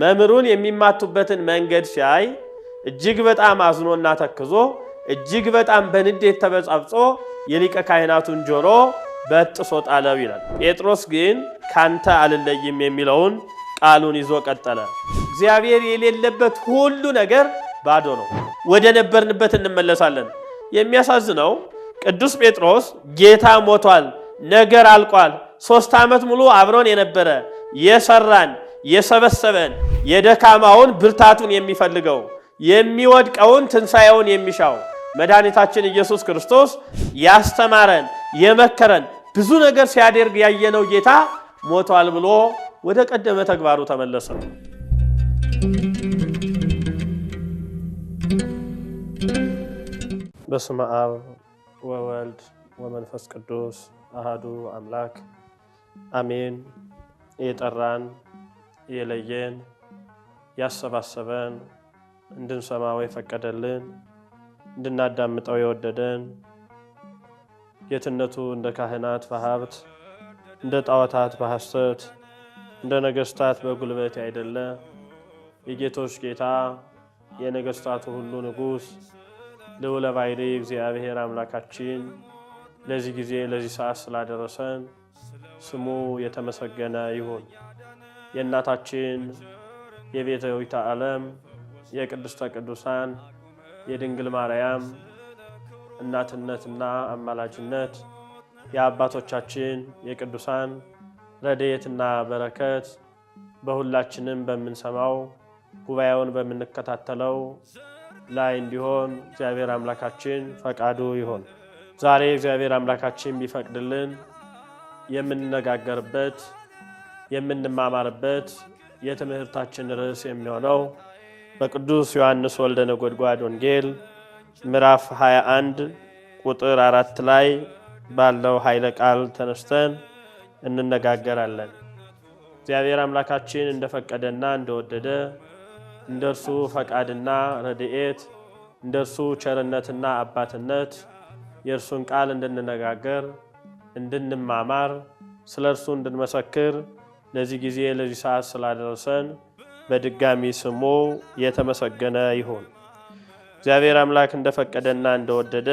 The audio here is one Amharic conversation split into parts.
መምህሩን የሚማቱበትን መንገድ ሲያይ እጅግ በጣም አዝኖና ተክዞ እጅግ በጣም በንዴት ተበጻብጾ የሊቀ ካህናቱን ጆሮ በጥሶ ጣለው ይላል። ጴጥሮስ ግን ካንተ አልለይም የሚለውን ቃሉን ይዞ ቀጠለ። እግዚአብሔር የሌለበት ሁሉ ነገር ባዶ ነው። ወደ ነበርንበት እንመለሳለን። የሚያሳዝነው ቅዱስ ጴጥሮስ ጌታ ሞቷል፣ ነገር አልቋል፣ ሶስት ዓመት ሙሉ አብሮን የነበረ የሰራን የሰበሰበን የደካማውን ብርታቱን የሚፈልገው የሚወድቀውን ትንሣኤውን የሚሻው መድኃኒታችን ኢየሱስ ክርስቶስ ያስተማረን የመከረን ብዙ ነገር ሲያደርግ ያየነው ጌታ ሞቷል ብሎ ወደ ቀደመ ተግባሩ ተመለሰ። በስመ አብ ወወልድ ወመንፈስ ቅዱስ አህዱ አምላክ አሜን። የጠራን የለየን ያሰባሰበን እንድንሰማው የፈቀደልን እንድናዳምጠው የወደደን ጌትነቱ እንደ ካህናት በሀብት እንደ ጣዖታት በሐሰት እንደ ነገሥታት በጉልበት አይደለ የጌቶች ጌታ የነገሥታቱ ሁሉ ንጉሥ ልውለባይሪ እግዚአብሔር አምላካችን ለዚህ ጊዜ ለዚህ ሰዓት ስላደረሰን ስሙ የተመሰገነ ይሁን። የእናታችን የቤዛዊተ ዓለም የቅድስተ ቅዱሳን የድንግል ማርያም እናትነትና አማላጅነት የአባቶቻችን የቅዱሳን ረድኤትና በረከት በሁላችንም በምንሰማው ጉባኤውን በምንከታተለው ላይ እንዲሆን እግዚአብሔር አምላካችን ፈቃዱ ይሆን። ዛሬ እግዚአብሔር አምላካችን ቢፈቅድልን የምንነጋገርበት የምንማማርበት የትምህርታችን ርዕስ የሚሆነው በቅዱስ ዮሐንስ ወልደ ነጎድጓድ ወንጌል ምዕራፍ 21 ቁጥር አራት ላይ ባለው ኃይለ ቃል ተነስተን እንነጋገራለን። እግዚአብሔር አምላካችን እንደፈቀደና እንደወደደ እንደ እርሱ ፈቃድና ረድኤት እንደ እርሱ ቸርነትና አባትነት የእርሱን ቃል እንድንነጋገር፣ እንድንማማር፣ ስለ እርሱ እንድንመሰክር ለዚህ ጊዜ ለዚህ ሰዓት ስላደረሰን በድጋሚ ስሙ የተመሰገነ ይሁን። እግዚአብሔር አምላክ እንደፈቀደና እንደወደደ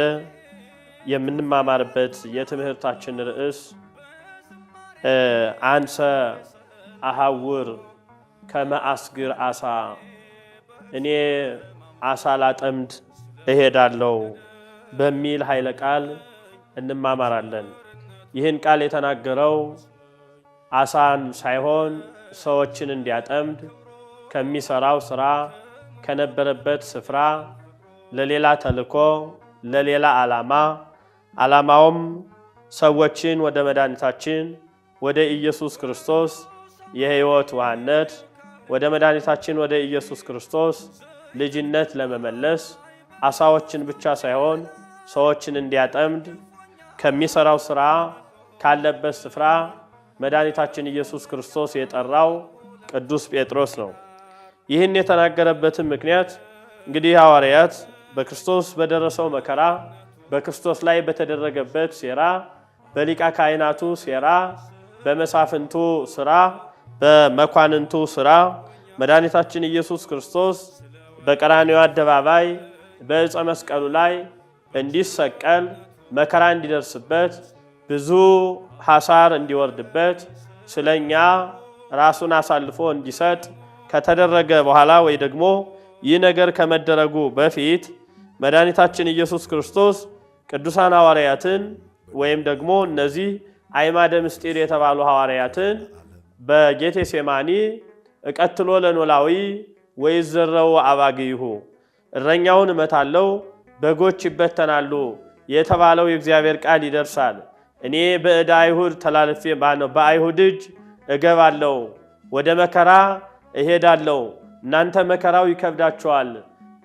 የምንማማርበት የትምህርታችን ርዕስ አንሰ አሃውር ከመአስግር አሳ፣ እኔ አሳ ላጠምድ እሄዳለሁ በሚል ኃይለ ቃል እንማማራለን። ይህን ቃል የተናገረው አሳን ሳይሆን ሰዎችን እንዲያጠምድ ከሚሰራው ስራ ከነበረበት ስፍራ ለሌላ ተልኮ ለሌላ ዓላማ ዓላማውም ሰዎችን ወደ መድኃኒታችን ወደ ኢየሱስ ክርስቶስ የሕይወት ውሃነት ወደ መድኃኒታችን ወደ ኢየሱስ ክርስቶስ ልጅነት ለመመለስ አሳዎችን ብቻ ሳይሆን ሰዎችን እንዲያጠምድ ከሚሰራው ስራ ካለበት ስፍራ መድኃኒታችን ኢየሱስ ክርስቶስ የጠራው ቅዱስ ጴጥሮስ ነው። ይህን የተናገረበትን ምክንያት እንግዲህ ሐዋርያት በክርስቶስ በደረሰው መከራ፣ በክርስቶስ ላይ በተደረገበት ሴራ፣ በሊቃ ካህናቱ ሴራ፣ በመሳፍንቱ ስራ፣ በመኳንንቱ ስራ መድኃኒታችን ኢየሱስ ክርስቶስ በቀራንዮ አደባባይ በእፀ መስቀሉ ላይ እንዲሰቀል መከራ እንዲደርስበት ብዙ ሐሳር እንዲወርድበት ስለ እኛ ራሱን አሳልፎ እንዲሰጥ ከተደረገ በኋላ ወይ ደግሞ ይህ ነገር ከመደረጉ በፊት መድኃኒታችን ኢየሱስ ክርስቶስ ቅዱሳን ሐዋርያትን ወይም ደግሞ እነዚህ አይማደ ምስጢር የተባሉ ሐዋርያትን በጌቴሴማኒ እቀትሎ ለኖላዊ ወይዘረው አባግይሁ እረኛውን እመታለው በጎች ይበተናሉ የተባለው የእግዚአብሔር ቃል ይደርሳል እኔ በእዳ አይሁድ ተላልፌ ባነው በአይሁድ እጅ እገባለሁ፣ ወደ መከራ እሄዳለሁ። እናንተ መከራው ይከብዳችኋል፣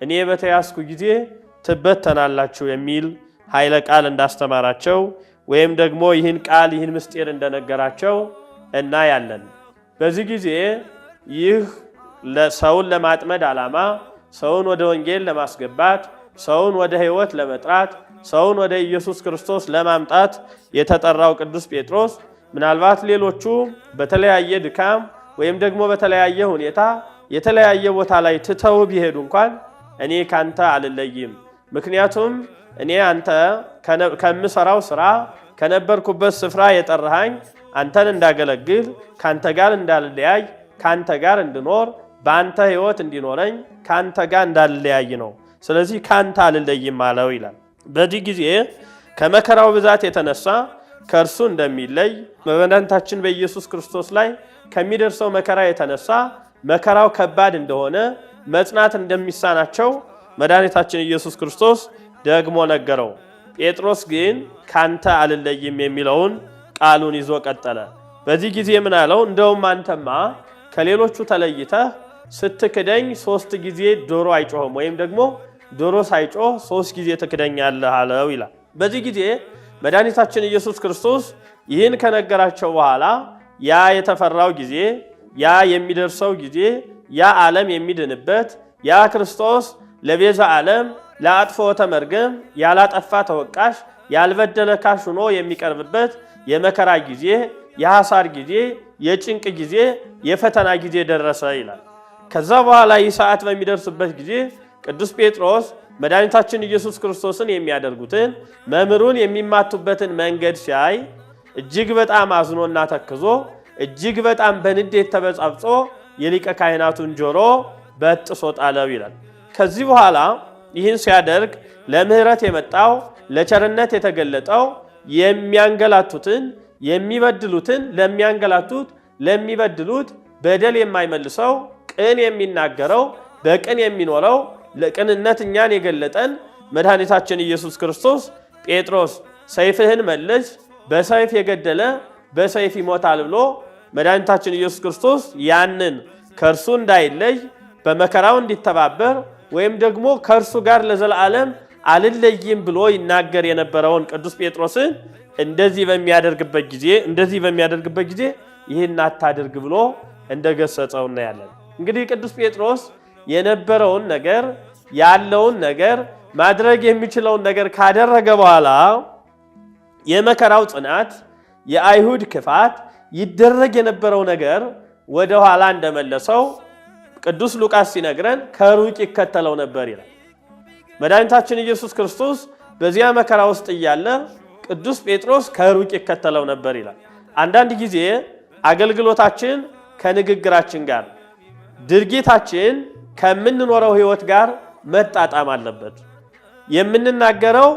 እኔ በተያዝኩ ጊዜ ትበተናላችሁ የሚል ኃይለ ቃል እንዳስተማራቸው ወይም ደግሞ ይህን ቃል ይህን ምስጢር እንደነገራቸው እናያለን። በዚህ ጊዜ ይህ ሰውን ለማጥመድ ዓላማ ሰውን ወደ ወንጌል ለማስገባት ሰውን ወደ ሕይወት ለመጥራት ሰውን ወደ ኢየሱስ ክርስቶስ ለማምጣት የተጠራው ቅዱስ ጴጥሮስ ምናልባት ሌሎቹ በተለያየ ድካም ወይም ደግሞ በተለያየ ሁኔታ የተለያየ ቦታ ላይ ትተው ቢሄዱ እንኳን እኔ ካንተ አልለይም፣ ምክንያቱም እኔ አንተ ከምሰራው ስራ ከነበርኩበት ስፍራ የጠራሃኝ አንተን እንዳገለግል ካንተ ጋር እንዳልለያይ ከአንተ ጋር እንድኖር በአንተ ሕይወት እንዲኖረኝ ከአንተ ጋር እንዳልለያይ ነው። ስለዚህ ካንተ አልለይም አለው ይላል። በዚህ ጊዜ ከመከራው ብዛት የተነሳ ከእርሱ እንደሚለይ በመድኃኒታችን በኢየሱስ ክርስቶስ ላይ ከሚደርሰው መከራ የተነሳ መከራው ከባድ እንደሆነ መጽናት እንደሚሳናቸው መድኃኒታችን ኢየሱስ ክርስቶስ ደግሞ ነገረው። ጴጥሮስ ግን ካንተ አልለይም የሚለውን ቃሉን ይዞ ቀጠለ። በዚህ ጊዜ ምን አለው? እንደውም አንተማ ከሌሎቹ ተለይተህ ስትክደኝ ሶስት ጊዜ ዶሮ አይጮህም ወይም ደግሞ ዶሮ ሳይጮህ ሶስት ጊዜ ትክደኛለህ አለው ይላል። በዚህ ጊዜ መድኃኒታችን ኢየሱስ ክርስቶስ ይህን ከነገራቸው በኋላ ያ የተፈራው ጊዜ፣ ያ የሚደርሰው ጊዜ፣ ያ ዓለም የሚድንበት ያ ክርስቶስ ለቤዛ ዓለም ለአጥፎ ተመርገም ያላጠፋ ተወቃሽ ያልበደለ ካሽ ሆኖ የሚቀርብበት የመከራ ጊዜ፣ የሐሳር ጊዜ፣ የጭንቅ ጊዜ፣ የፈተና ጊዜ ደረሰ ይላል። ከዛ በኋላ ይህ ሰዓት በሚደርስበት ጊዜ ቅዱስ ጴጥሮስ መድኃኒታችን ኢየሱስ ክርስቶስን የሚያደርጉትን መምህሩን የሚማቱበትን መንገድ ሲያይ እጅግ በጣም አዝኖና ተክዞ እጅግ በጣም በንዴት ተበጻብጾ የሊቀ ካህናቱን ጆሮ በጥሶ ጣለው ይላል። ከዚህ በኋላ ይህን ሲያደርግ ለምህረት የመጣው ለቸርነት የተገለጠው የሚያንገላቱትን የሚበድሉትን ለሚያንገላቱት ለሚበድሉት በደል የማይመልሰው ቅን የሚናገረው በቅን የሚኖረው ለቅንነት እኛን የገለጠን መድኃኒታችን ኢየሱስ ክርስቶስ ጴጥሮስ ሰይፍህን መልስ፣ በሰይፍ የገደለ በሰይፍ ይሞታል ብሎ መድኃኒታችን ኢየሱስ ክርስቶስ ያንን ከእርሱ እንዳይለይ በመከራው እንዲተባበር ወይም ደግሞ ከእርሱ ጋር ለዘላለም አልለይም ብሎ ይናገር የነበረውን ቅዱስ ጴጥሮስን እንደዚህ በሚያደርግበት ጊዜ እንደዚህ በሚያደርግበት ጊዜ ይህን አታድርግ ብሎ እንደገሰጸው እናያለን። እንግዲህ ቅዱስ ጴጥሮስ የነበረውን ነገር ያለውን ነገር ማድረግ የሚችለውን ነገር ካደረገ በኋላ የመከራው ጽናት፣ የአይሁድ ክፋት፣ ይደረግ የነበረው ነገር ወደ ኋላ እንደመለሰው ቅዱስ ሉቃስ ሲነግረን ከሩቅ ይከተለው ነበር ይላል። መድኃኒታችን ኢየሱስ ክርስቶስ በዚያ መከራ ውስጥ እያለ ቅዱስ ጴጥሮስ ከሩቅ ይከተለው ነበር ይላል። አንዳንድ ጊዜ አገልግሎታችን ከንግግራችን ጋር ድርጊታችን ከምንኖረው ህይወት ጋር መጣጣም አለበት። የምንናገረው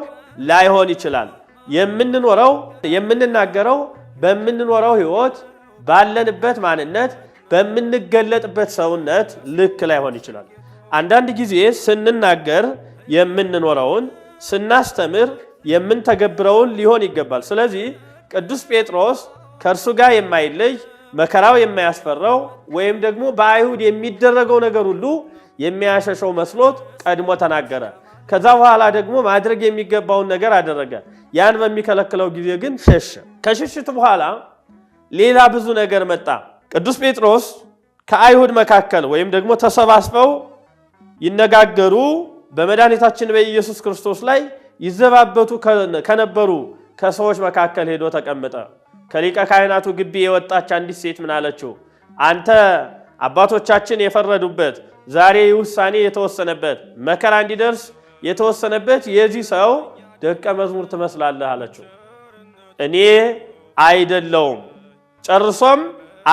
ላይሆን ይችላል። የምንኖረው የምንናገረው በምንኖረው ህይወት ባለንበት ማንነት በምንገለጥበት ሰውነት ልክ ላይሆን ይችላል። አንዳንድ ጊዜ ስንናገር የምንኖረውን ስናስተምር የምንተገብረውን ሊሆን ይገባል። ስለዚህ ቅዱስ ጴጥሮስ ከእርሱ ጋር የማይለይ መከራው የማያስፈራው ወይም ደግሞ በአይሁድ የሚደረገው ነገር ሁሉ የሚያሸሸው መስሎት ቀድሞ ተናገረ። ከዛ በኋላ ደግሞ ማድረግ የሚገባውን ነገር አደረገ። ያን በሚከለክለው ጊዜ ግን ሸሸ። ከሽሽት በኋላ ሌላ ብዙ ነገር መጣ። ቅዱስ ጴጥሮስ ከአይሁድ መካከል ወይም ደግሞ ተሰባስበው ይነጋገሩ በመድኃኒታችን በኢየሱስ ክርስቶስ ላይ ይዘባበቱ ከነበሩ ከሰዎች መካከል ሄዶ ተቀመጠ። ከሊቀ ካህናቱ ግቢ የወጣች አንዲት ሴት ምን አለችው? አንተ አባቶቻችን የፈረዱበት ዛሬ ውሳኔ የተወሰነበት መከራ እንዲደርስ የተወሰነበት የዚህ ሰው ደቀ መዝሙር ትመስላለህ አለችው። እኔ አይደለውም ጨርሶም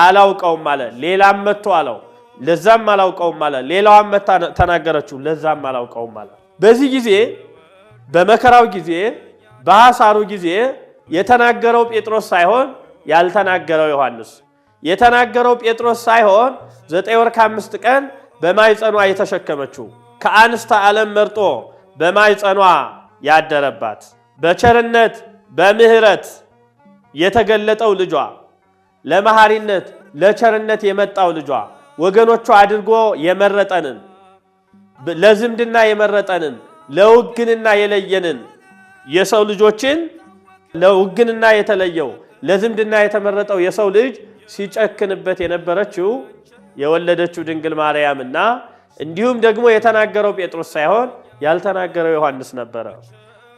አላውቀውም አለ። ሌላም መጥቶ አለው ለዛም አላውቀውም አለ። ሌላዋም ተናገረችው ለዛም አላውቀውም አለ። በዚህ ጊዜ በመከራው ጊዜ በሐሳሩ ጊዜ የተናገረው ጴጥሮስ ሳይሆን ያልተናገረው ዮሐንስ የተናገረው ጴጥሮስ ሳይሆን ዘጠኝ ወር ከአምስት ቀን በማይጸኗ የተሸከመችው ከአንስተ ዓለም መርጦ በማይጸኗ ያደረባት በቸርነት በምህረት የተገለጠው ልጇ ለመሐሪነት ለቸርነት የመጣው ልጇ ወገኖቹ አድርጎ የመረጠንን ለዝምድና የመረጠንን ለውግንና የለየንን የሰው ልጆችን ለውግንና የተለየው ለዝምድና የተመረጠው የሰው ልጅ ሲጨክንበት የነበረችው የወለደችው ድንግል ማርያምና እንዲሁም ደግሞ የተናገረው ጴጥሮስ ሳይሆን ያልተናገረው ዮሐንስ ነበረ።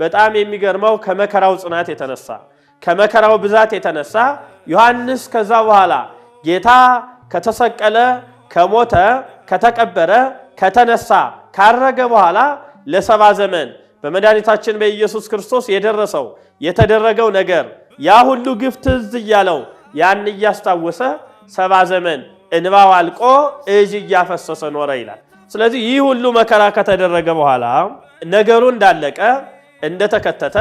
በጣም የሚገርመው ከመከራው ጽናት የተነሳ ከመከራው ብዛት የተነሳ ዮሐንስ ከዛ በኋላ ጌታ ከተሰቀለ፣ ከሞተ፣ ከተቀበረ፣ ከተነሳ፣ ካረገ በኋላ ለሰባ ዘመን በመድኃኒታችን በኢየሱስ ክርስቶስ የደረሰው የተደረገው ነገር ያ ሁሉ ግፍ ትዝ እያለው ያን እያስታወሰ ሰባ ዘመን እንባው አልቆ እጅ እያፈሰሰ ኖረ ይላል። ስለዚህ ይህ ሁሉ መከራ ከተደረገ በኋላ ነገሩ እንዳለቀ እንደተከተተ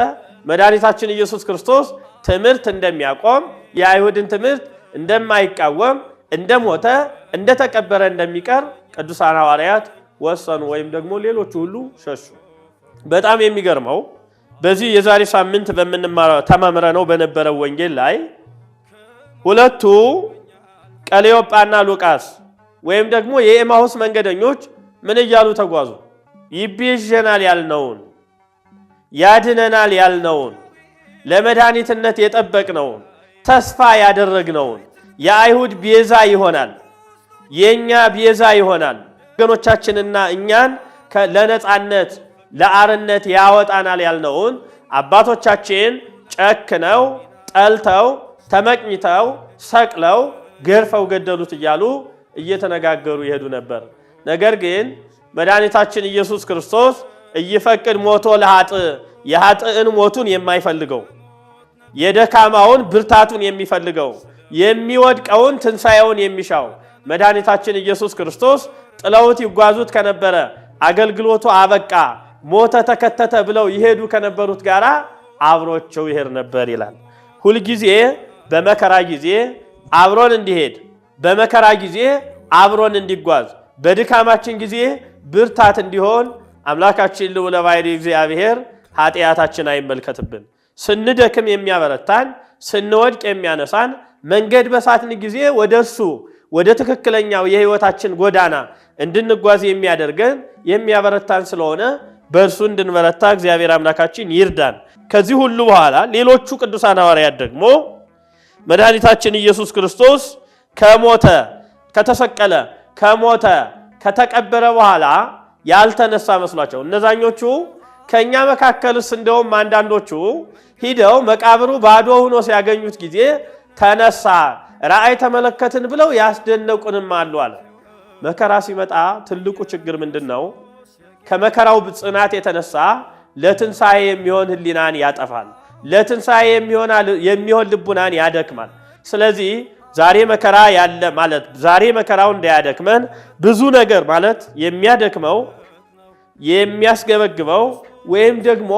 መድኃኒታችን ኢየሱስ ክርስቶስ ትምህርት እንደሚያቆም የአይሁድን ትምህርት እንደማይቃወም እንደሞተ እንደተቀበረ እንደሚቀር ቅዱሳን ሐዋርያት ወሰኑ፣ ወይም ደግሞ ሌሎቹ ሁሉ ሸሹ። በጣም የሚገርመው በዚህ የዛሬ ሳምንት በምንማረው ተመምረ ነው በነበረው ወንጌል ላይ ሁለቱ ቀሌዮጳና ሉቃስ ወይም ደግሞ የኤማሁስ መንገደኞች ምን እያሉ ተጓዙ? ይቤዠናል ያልነውን ያድነናል ያልነውን ለመድኃኒትነት የጠበቅነውን ተስፋ ያደረግነውን የአይሁድ ቤዛ ይሆናል፣ የእኛ ቤዛ ይሆናል፣ ወገኖቻችንና እኛን ለነፃነት ለአርነት ያወጣናል ያልነውን አባቶቻችን ጨክነው ጠልተው ተመቅኝተው ሰቅለው ገርፈው ገደሉት እያሉ እየተነጋገሩ ይሄዱ ነበር። ነገር ግን መድኃኒታችን ኢየሱስ ክርስቶስ እይፈቅድ ሞቶ ለሀጥ የሀጥእን ሞቱን የማይፈልገው የደካማውን ብርታቱን የሚፈልገው የሚወድቀውን ትንሣኤውን የሚሻው መድኃኒታችን ኢየሱስ ክርስቶስ ጥለውት ይጓዙት ከነበረ አገልግሎቱ አበቃ፣ ሞተ፣ ተከተተ ብለው ይሄዱ ከነበሩት ጋር አብሮቸው ይሄድ ነበር ይላል። ሁልጊዜ በመከራ ጊዜ አብሮን እንዲሄድ፣ በመከራ ጊዜ አብሮን እንዲጓዝ፣ በድካማችን ጊዜ ብርታት እንዲሆን አምላካችን ልዑለ ባሕርይ እግዚአብሔር ኃጢአታችን አይመልከትብን። ስንደክም የሚያበረታን፣ ስንወድቅ የሚያነሳን፣ መንገድ በሳትን ጊዜ ወደ እሱ ወደ ትክክለኛው የህይወታችን ጎዳና እንድንጓዝ የሚያደርገን የሚያበረታን ስለሆነ በእርሱ እንድንበረታ እግዚአብሔር አምላካችን ይርዳን። ከዚህ ሁሉ በኋላ ሌሎቹ ቅዱሳን ሐዋርያት ደግሞ መድኃኒታችን ኢየሱስ ክርስቶስ ከሞተ ከተሰቀለ ከሞተ ከተቀበረ በኋላ ያልተነሳ መስሏቸው እነዛኞቹ ከእኛ መካከልስ እንደውም አንዳንዶቹ ሂደው መቃብሩ ባዶ ሆኖ ሲያገኙት ጊዜ ተነሳ ራእይ ተመለከትን ብለው ያስደነቁንም አሉ አለ። መከራ ሲመጣ ትልቁ ችግር ምንድን ነው? ከመከራው ጽናት የተነሳ ለትንሣኤ የሚሆን ህሊናን ያጠፋል። ለትንሣኤ የሚሆን ልቡናን ያደክማል። ስለዚህ ዛሬ መከራ ያለ ማለት ዛሬ መከራው እንዳያደክመን ብዙ ነገር ማለት የሚያደክመው የሚያስገበግበው ወይም ደግሞ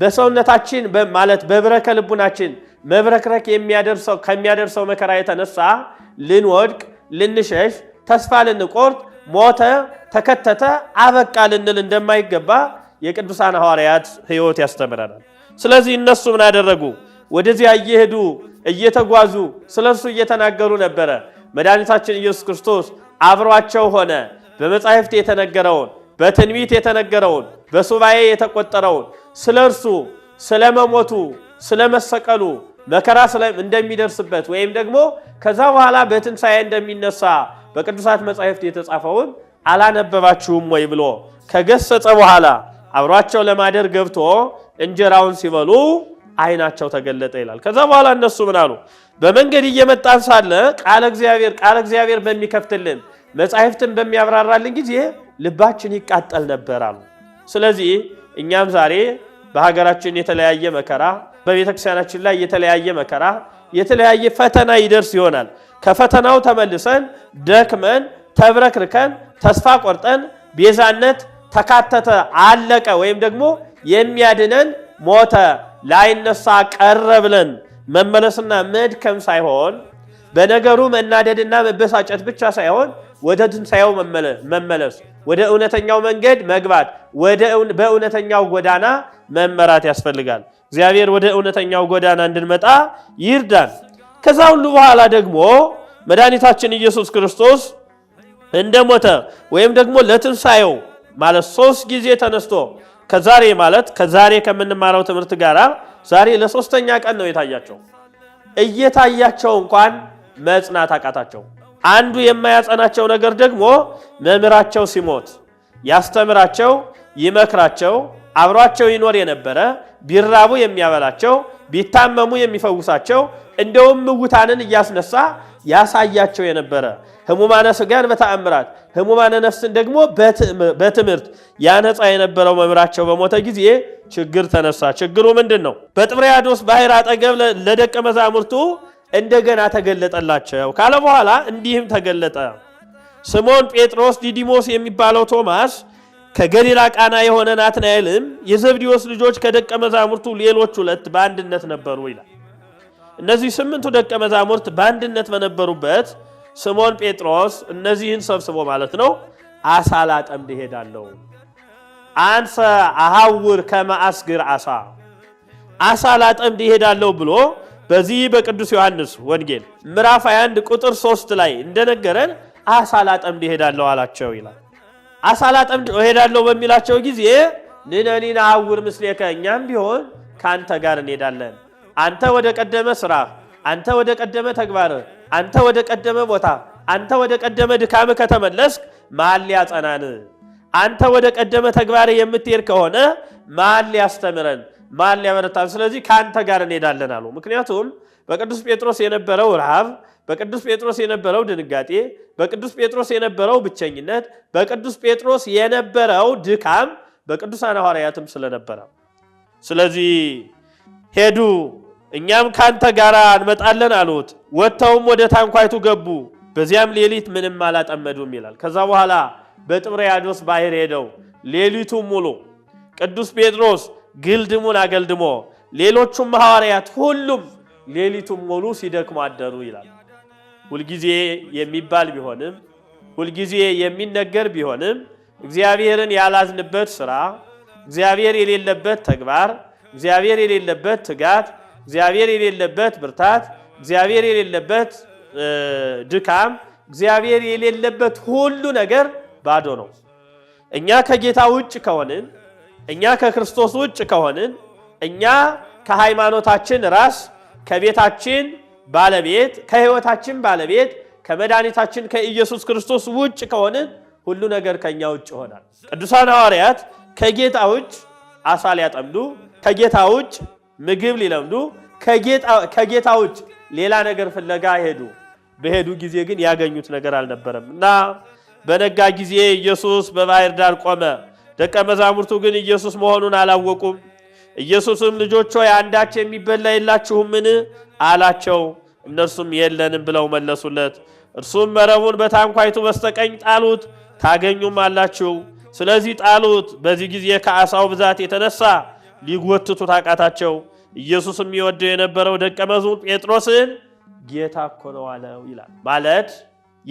በሰውነታችን ማለት በብረከ ልቡናችን መብረክረክ የሚያደርሰው ከሚያደርሰው መከራ የተነሳ ልንወድቅ፣ ልንሸሽ፣ ተስፋ ልንቆርጥ፣ ሞተ፣ ተከተተ፣ አበቃ ልንል እንደማይገባ የቅዱሳን ሐዋርያት ሕይወት ያስተምረናል። ስለዚህ እነሱ ምን አደረጉ? ወደዚያ እየሄዱ እየተጓዙ ስለ እሱ እየተናገሩ ነበረ። መድኃኒታችን ኢየሱስ ክርስቶስ አብሯቸው ሆነ። በመጻሕፍት የተነገረውን በትንቢት የተነገረውን በሱባኤ የተቆጠረውን ስለ እርሱ ስለ መሞቱ ስለ መሰቀሉ መከራ እንደሚደርስበት ወይም ደግሞ ከዛ በኋላ በትንሣኤ እንደሚነሳ በቅዱሳት መጻሕፍት የተጻፈውን አላነበባችሁም ወይ ብሎ ከገሰጸ በኋላ አብሯቸው ለማደር ገብቶ እንጀራውን ሲበሉ አይናቸው ተገለጠ ይላል። ከዛ በኋላ እነሱ ምን አሉ? በመንገድ እየመጣን ሳለ ቃለ እግዚአብሔር ቃለ እግዚአብሔር በሚከፍትልን መጻሕፍትን በሚያብራራልን ጊዜ ልባችን ይቃጠል ነበር አሉ። ስለዚህ እኛም ዛሬ በሀገራችን የተለያየ መከራ፣ በቤተክርስቲያናችን ላይ የተለያየ መከራ፣ የተለያየ ፈተና ይደርስ ይሆናል። ከፈተናው ተመልሰን ደክመን ተብረክርከን ተስፋ ቆርጠን ቤዛነት ተካተተ፣ አለቀ፣ ወይም ደግሞ የሚያድነን ሞተ፣ ላይነሳ ቀረ ብለን መመለስና መድከም ሳይሆን በነገሩ መናደድና መበሳጨት ብቻ ሳይሆን ወደ ትንሣኤው መመለስ፣ ወደ እውነተኛው መንገድ መግባት፣ በእውነተኛው ጎዳና መመራት ያስፈልጋል። እግዚአብሔር ወደ እውነተኛው ጎዳና እንድንመጣ ይርዳን። ከዛ ሁሉ በኋላ ደግሞ መድኃኒታችን ኢየሱስ ክርስቶስ እንደሞተ ወይም ደግሞ ለትንሣኤው ማለት ሶስት ጊዜ ተነስቶ ከዛሬ ማለት ከዛሬ ከምንማረው ትምህርት ጋር ዛሬ ለሶስተኛ ቀን ነው የታያቸው። እየታያቸው እንኳን መጽናት አቃታቸው። አንዱ የማያጸናቸው ነገር ደግሞ መምህራቸው ሲሞት ያስተምራቸው፣ ይመክራቸው፣ አብሯቸው ይኖር የነበረ ቢራቡ የሚያበላቸው፣ ቢታመሙ የሚፈውሳቸው፣ እንደውም ምውታንን እያስነሳ ያሳያቸው የነበረ ህሙማነ ስጋን በተአምራት ህሙማነ ነፍስን ደግሞ በትምህርት ያነጻ የነበረው መምህራቸው በሞተ ጊዜ ችግር ተነሳ። ችግሩ ምንድን ነው? በጥብርያዶስ ባህር አጠገብ ለደቀ መዛሙርቱ እንደገና ተገለጠላቸው ካለ በኋላ እንዲህም ተገለጠ። ስሞን ጴጥሮስ፣ ዲዲሞስ የሚባለው ቶማስ፣ ከገሊላ ቃና የሆነ ናትናኤልም የዘብዲዎስ ልጆች ከደቀ መዛሙርቱ ሌሎች ሁለት በአንድነት ነበሩ ይላል። እነዚህ ስምንቱ ደቀ መዛሙርት በአንድነት በነበሩበት ስሞን ጴጥሮስ እነዚህን ሰብስቦ ማለት ነው አሳ ላጠምድ እሄዳለሁ። አንፈ አሃውር ከመአስግር አሳ አሳ ላጠምድ እሄዳለሁ ብሎ በዚህ በቅዱስ ዮሐንስ ወንጌል ምዕራፍ 21 ቁጥር 3 ላይ እንደነገረን አሳ ላጠምድ እሄዳለሁ አላቸው ይላል። አሳ ላጠምድ እሄዳለሁ በሚላቸው ጊዜ ንነኒ ነአውር ምስሌከ፣ እኛም ቢሆን ከአንተ ጋር እንሄዳለን። አንተ ወደ ቀደመ ስራ፣ አንተ ወደ ቀደመ ተግባር አንተ ወደ ቀደመ ቦታ አንተ ወደ ቀደመ ድካም ከተመለስክ ማን ሊያጸናን? አንተ ወደ ቀደመ ተግባር የምትሄድ ከሆነ ማን ሊያስተምረን? ማን ሊያበረታን? ስለዚህ ከአንተ ጋር እንሄዳለን አሉ። ምክንያቱም በቅዱስ ጴጥሮስ የነበረው ረሃብ፣ በቅዱስ ጴጥሮስ የነበረው ድንጋጤ፣ በቅዱስ ጴጥሮስ የነበረው ብቸኝነት፣ በቅዱስ ጴጥሮስ የነበረው ድካም በቅዱሳን ሐዋርያትም ስለነበረ ስለዚህ ሄዱ እኛም ካንተ ጋር እንመጣለን አሉት። ወጥተውም ወደ ታንኳይቱ ገቡ። በዚያም ሌሊት ምንም አላጠመዱም ይላል። ከዛ በኋላ በጥብርያዶስ ባህር ሄደው ሌሊቱ ሙሉ ቅዱስ ጴጥሮስ ግልድሙን አገልድሞ ሌሎቹም ሐዋርያት ሁሉም ሌሊቱን ሙሉ ሲደክሙ አደሩ ይላል። ሁልጊዜ የሚባል ቢሆንም ሁልጊዜ የሚነገር ቢሆንም እግዚአብሔርን ያላዝንበት ስራ፣ እግዚአብሔር የሌለበት ተግባር፣ እግዚአብሔር የሌለበት ትጋት እግዚአብሔር የሌለበት ብርታት፣ እግዚአብሔር የሌለበት ድካም፣ እግዚአብሔር የሌለበት ሁሉ ነገር ባዶ ነው። እኛ ከጌታ ውጭ ከሆንን፣ እኛ ከክርስቶስ ውጭ ከሆንን፣ እኛ ከሃይማኖታችን ራስ፣ ከቤታችን ባለቤት፣ ከህይወታችን ባለቤት፣ ከመድኃኒታችን ከኢየሱስ ክርስቶስ ውጭ ከሆንን ሁሉ ነገር ከእኛ ውጭ ይሆናል። ቅዱሳን ሐዋርያት ከጌታ ውጭ አሳ ሊያጠምዱ ከጌታ ውጭ ምግብ ሊለምዱ ከጌታ ውጭ ሌላ ነገር ፍለጋ ሄዱ። በሄዱ ጊዜ ግን ያገኙት ነገር አልነበረም እና በነጋ ጊዜ ኢየሱስ በባህር ዳር ቆመ። ደቀ መዛሙርቱ ግን ኢየሱስ መሆኑን አላወቁም። ኢየሱስም ልጆች ሆይ አንዳች የሚበላ የላችሁምን አላቸው። እነርሱም የለንም ብለው መለሱለት። እርሱም መረቡን በታንኳይቱ በስተቀኝ ጣሉት፣ ታገኙም አላችሁ። ስለዚህ ጣሉት። በዚህ ጊዜ ከአሳው ብዛት የተነሳ ሊጎትቱት አቃታቸው። ኢየሱስ የሚወደው የነበረው ደቀ መዝሙር ጴጥሮስን ጌታ እኮ ነው አለው ይላል። ማለት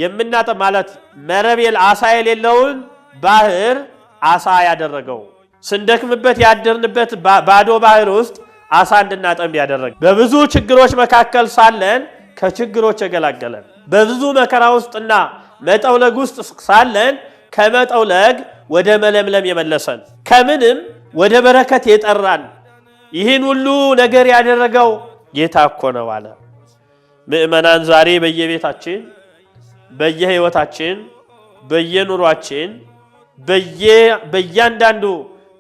የምናጠ ማለት መረብ አሳ የሌለውን ባህር አሳ ያደረገው ስንደክምበት ያደርንበት ባዶ ባህር ውስጥ አሳ እንድናጠምድ ያደረገ በብዙ ችግሮች መካከል ሳለን ከችግሮች የገላገለን በብዙ መከራ ውስጥና መጠውለግ ውስጥ ሳለን ከመጠውለግ ወደ መለምለም የመለሰን ከምንም ወደ በረከት የጠራን ይህን ሁሉ ነገር ያደረገው ጌታ እኮ ነው አለ። ምእመናን ዛሬ በየቤታችን በየህይወታችን በየኑሯችን በእያንዳንዱ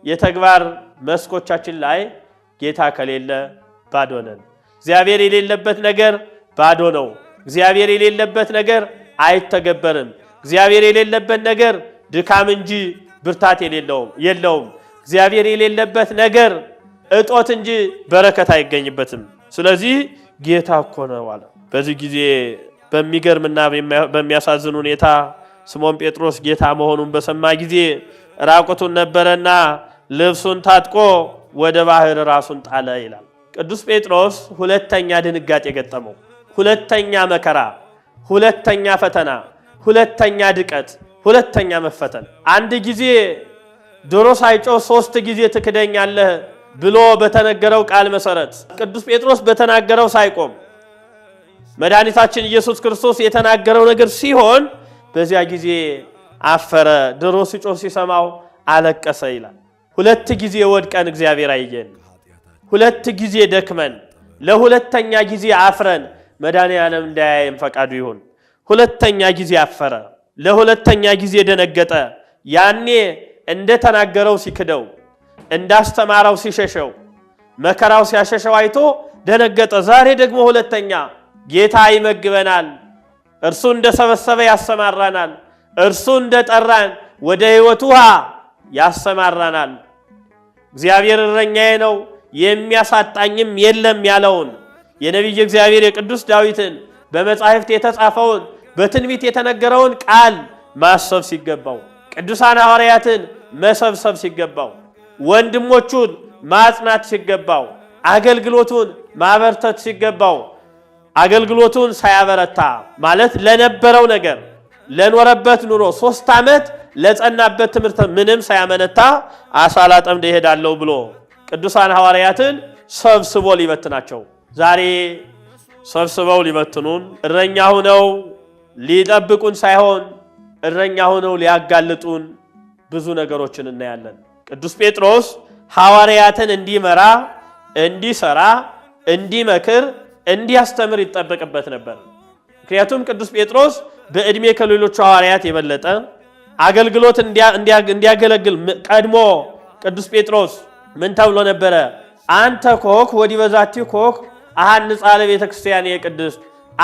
የተግባር መስኮቻችን ላይ ጌታ ከሌለ ባዶ ነን። እግዚአብሔር የሌለበት ነገር ባዶ ነው። እግዚአብሔር የሌለበት ነገር አይተገበርም። እግዚአብሔር የሌለበት ነገር ድካም እንጂ ብርታት የለውም። እግዚአብሔር የሌለበት ነገር እጦት እንጂ በረከት አይገኝበትም። ስለዚህ ጌታ እኮ ነው አለ። በዚህ ጊዜ በሚገርምና በሚያሳዝን ሁኔታ ስሞን ጴጥሮስ ጌታ መሆኑን በሰማ ጊዜ ራቁቱን ነበረና ልብሱን ታጥቆ ወደ ባህር ራሱን ጣለ ይላል። ቅዱስ ጴጥሮስ ሁለተኛ ድንጋጤ የገጠመው፣ ሁለተኛ መከራ፣ ሁለተኛ ፈተና፣ ሁለተኛ ድቀት፣ ሁለተኛ መፈተን። አንድ ጊዜ ዶሮ ሳይጮህ ሶስት ጊዜ ትክደኛለህ ብሎ በተነገረው ቃል መሰረት ቅዱስ ጴጥሮስ በተናገረው ሳይቆም መድኃኒታችን ኢየሱስ ክርስቶስ የተናገረው ነገር ሲሆን በዚያ ጊዜ አፈረ። ድሮ ሲጮ ሲሰማው አለቀሰ ይላል። ሁለት ጊዜ ወድቀን እግዚአብሔር አየን። ሁለት ጊዜ ደክመን ለሁለተኛ ጊዜ አፍረን መድኃኔ ዓለም እንዳያየን ፈቃዱ ይሁን። ሁለተኛ ጊዜ አፈረ፣ ለሁለተኛ ጊዜ ደነገጠ። ያኔ እንደተናገረው ሲክደው እንዳስተማረው ሲሸሸው መከራው ሲያሸሸው አይቶ ደነገጠ። ዛሬ ደግሞ ሁለተኛ ጌታ ይመግበናል። እርሱ እንደሰበሰበ ያሰማራናል። እርሱ እንደጠራን ወደ ሕይወት ውሃ ያሰማራናል። እግዚአብሔር እረኛዬ ነው የሚያሳጣኝም የለም ያለውን የነቢይ እግዚአብሔር የቅዱስ ዳዊትን በመጻሕፍት የተጻፈውን በትንቢት የተነገረውን ቃል ማሰብ ሲገባው ቅዱሳን ሐዋርያትን መሰብሰብ ሲገባው ወንድሞቹን ማጽናት ሲገባው፣ አገልግሎቱን ማበርተት ሲገባው አገልግሎቱን ሳያበረታ ማለት ለነበረው ነገር ለኖረበት ኑሮ ሶስት ዓመት ለጸናበት ትምህርት ምንም ሳያመነታ አሳ ላጠምድ ብሎ ቅዱሳን ሐዋርያትን ሰብስቦ ሊበትናቸው ዛሬ ሰብስበው ሊበትኑን እረኛ ሁነው ሊጠብቁን ሳይሆን እረኛ ሁነው ሊያጋልጡን ብዙ ነገሮችን እናያለን። ቅዱስ ጴጥሮስ ሐዋርያትን እንዲመራ፣ እንዲሰራ፣ እንዲመክር፣ እንዲያስተምር ይጠበቅበት ነበር። ምክንያቱም ቅዱስ ጴጥሮስ በዕድሜ ከሌሎቹ ሐዋርያት የበለጠ አገልግሎት እንዲያገለግል ቀድሞ ቅዱስ ጴጥሮስ ምን ተብሎ ነበረ? አንተ ኮክ ወዲበዛቲ ዛቲው ኮክ አሃንጻ ለቤተ ክርስቲያን የቅዱስ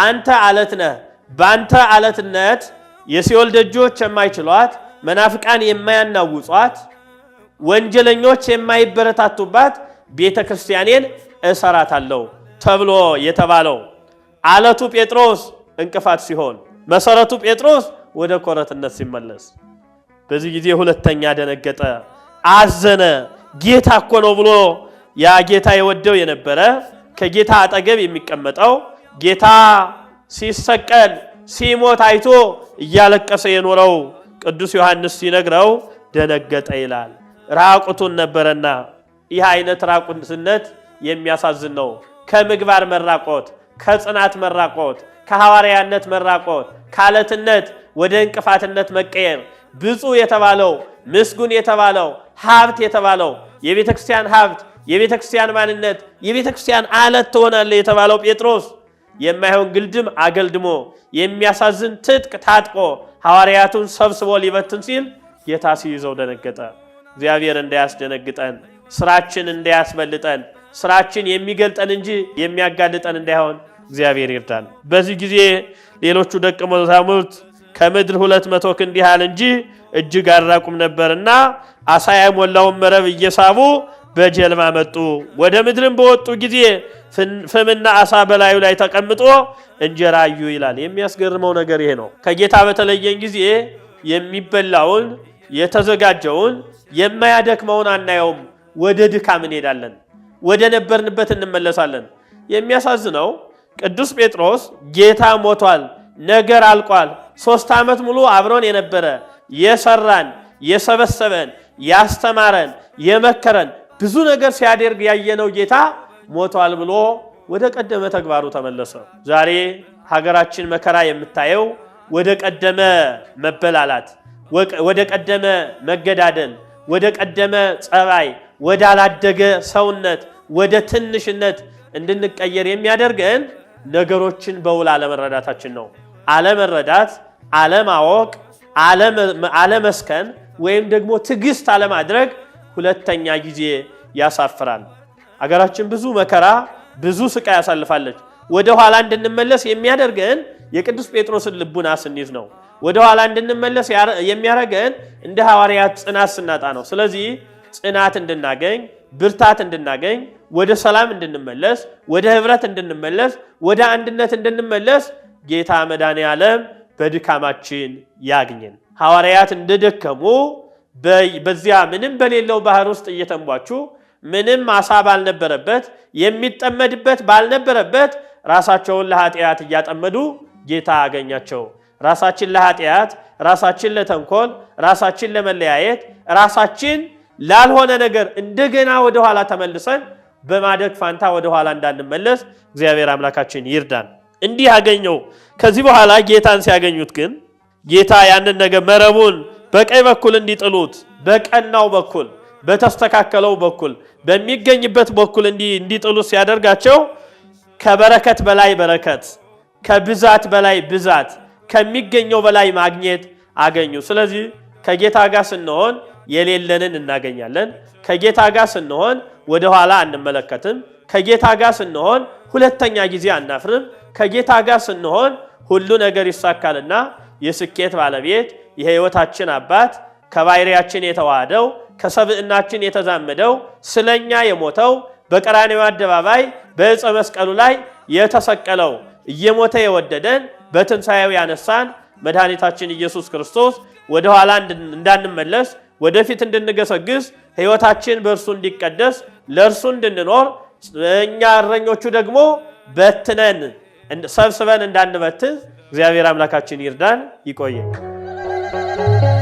አንተ አለት ነህ፣ በአንተ አለትነት የሲኦል ደጆች የማይችሏት መናፍቃን የማያናውጿት ወንጀለኞች የማይበረታቱባት ቤተ ክርስቲያኔን እሰራታለሁ ተብሎ የተባለው አለቱ ጴጥሮስ እንቅፋት ሲሆን መሰረቱ ጴጥሮስ ወደ ኮረትነት ሲመለስ፣ በዚህ ጊዜ ሁለተኛ ደነገጠ፣ አዘነ። ጌታ እኮ ነው ብሎ ያ ጌታ የወደው የነበረ ከጌታ አጠገብ የሚቀመጠው ጌታ ሲሰቀል ሲሞት አይቶ እያለቀሰ የኖረው ቅዱስ ዮሐንስ ሲነግረው ደነገጠ ይላል። ራቁቱን ነበረና ይህ አይነት ራቁትነት የሚያሳዝን ነው። ከምግባር መራቆት፣ ከጽናት መራቆት፣ ከሐዋርያነት መራቆት፣ ካለትነት ወደ እንቅፋትነት መቀየር ብፁዕ የተባለው ምስጉን የተባለው ሀብት የተባለው የቤተ ክርስቲያን ሀብት የቤተ ክርስቲያን ማንነት የቤተ ክርስቲያን አለት ትሆናለህ የተባለው ጴጥሮስ የማይሆን ግልድም አገልድሞ የሚያሳዝን ትጥቅ ታጥቆ ሐዋርያቱን ሰብስቦ ሊበትን ሲል ጌታ ሲይዘው ደነገጠ። እግዚአብሔር እንዳያስደነግጠን፣ ስራችን እንዳያስበልጠን፣ ስራችን የሚገልጠን እንጂ የሚያጋልጠን እንዳይሆን እግዚአብሔር ይርዳን። በዚህ ጊዜ ሌሎቹ ደቀ መዛሙርት ከምድር ሁለት መቶ ክንድ ያህል እንጂ እጅግ አራቁም ነበርና አሳ የሞላውን መረብ እየሳቡ በጀልባ መጡ። ወደ ምድርም በወጡ ጊዜ ፍምና አሳ በላዩ ላይ ተቀምጦ እንጀራ አዩ ይላል። የሚያስገርመው ነገር ይሄ ነው። ከጌታ በተለየን ጊዜ የሚበላውን የተዘጋጀውን የማያደክመውን አናየውም። ወደ ድካም እንሄዳለን፣ ወደ ነበርንበት እንመለሳለን። የሚያሳዝነው ቅዱስ ጴጥሮስ ጌታ ሞቷል፣ ነገር አልቋል፣ ሶስት ዓመት ሙሉ አብሮን የነበረ የሰራን፣ የሰበሰበን፣ ያስተማረን፣ የመከረን ብዙ ነገር ሲያደርግ ያየነው ጌታ ሞቷል ብሎ ወደ ቀደመ ተግባሩ ተመለሰ። ዛሬ ሀገራችን መከራ የምታየው ወደ ቀደመ መበላላት፣ ወደ ቀደመ መገዳደል ወደ ቀደመ ጸባይ ወዳላደገ ሰውነት ወደ ትንሽነት እንድንቀየር የሚያደርገን ነገሮችን በውል አለመረዳታችን ነው። አለመረዳት፣ አለማወቅ፣ አለመስከን ወይም ደግሞ ትዕግስት አለማድረግ ሁለተኛ ጊዜ ያሳፍራል። አገራችን ብዙ መከራ፣ ብዙ ስቃይ ያሳልፋለች። ወደ ኋላ እንድንመለስ የሚያደርገን የቅዱስ ጴጥሮስን ልቡና ስንይዝ ነው። ወደ ኋላ እንድንመለስ የሚያደርገን እንደ ሐዋርያት ጽናት ስናጣ ነው። ስለዚህ ጽናት እንድናገኝ፣ ብርታት እንድናገኝ፣ ወደ ሰላም እንድንመለስ፣ ወደ ህብረት እንድንመለስ፣ ወደ አንድነት እንድንመለስ ጌታ መድኃኔ ዓለም በድካማችን ያግኝን። ሐዋርያት እንደደከሙ በዚያ ምንም በሌለው ባህር ውስጥ እየተንቧችሁ ምንም አሳ ባልነበረበት የሚጠመድበት ባልነበረበት ራሳቸውን ለኃጢአት እያጠመዱ ጌታ አገኛቸው። ራሳችን ለኃጢአት፣ ራሳችን ለተንኮል፣ ራሳችን ለመለያየት፣ ራሳችን ላልሆነ ነገር እንደገና ወደኋላ ተመልሰን በማደግ ፋንታ ወደኋላ እንዳንመለስ እግዚአብሔር አምላካችን ይርዳን። እንዲህ ያገኘው ከዚህ በኋላ ጌታን ሲያገኙት ግን ጌታ ያንን ነገር መረቡን በቀኝ በኩል እንዲጥሉት በቀናው በኩል በተስተካከለው በኩል በሚገኝበት በኩል እንዲጥሉት ሲያደርጋቸው ከበረከት በላይ በረከት ከብዛት በላይ ብዛት ከሚገኘው በላይ ማግኘት አገኙ። ስለዚህ ከጌታ ጋር ስንሆን የሌለንን እናገኛለን። ከጌታ ጋር ስንሆን ወደ ኋላ አንመለከትም። ከጌታ ጋር ስንሆን ሁለተኛ ጊዜ አናፍርም። ከጌታ ጋር ስንሆን ሁሉ ነገር ይሳካልና የስኬት ባለቤት የህይወታችን አባት ከባይሪያችን የተዋህደው ከሰብዕናችን የተዛመደው ስለኛ የሞተው በቀራኔው አደባባይ በእፀ መስቀሉ ላይ የተሰቀለው እየሞተ የወደደን በትንሣኤው ያነሳን መድኃኒታችን ኢየሱስ ክርስቶስ ወደ ኋላ እንዳንመለስ ወደፊት እንድንገሰግስ ሕይወታችን በእርሱ እንዲቀደስ ለእርሱ እንድንኖር እኛ እረኞቹ ደግሞ በትነን ሰብስበን እንዳንበትዝ እግዚአብሔር አምላካችን ይርዳን። ይቆየ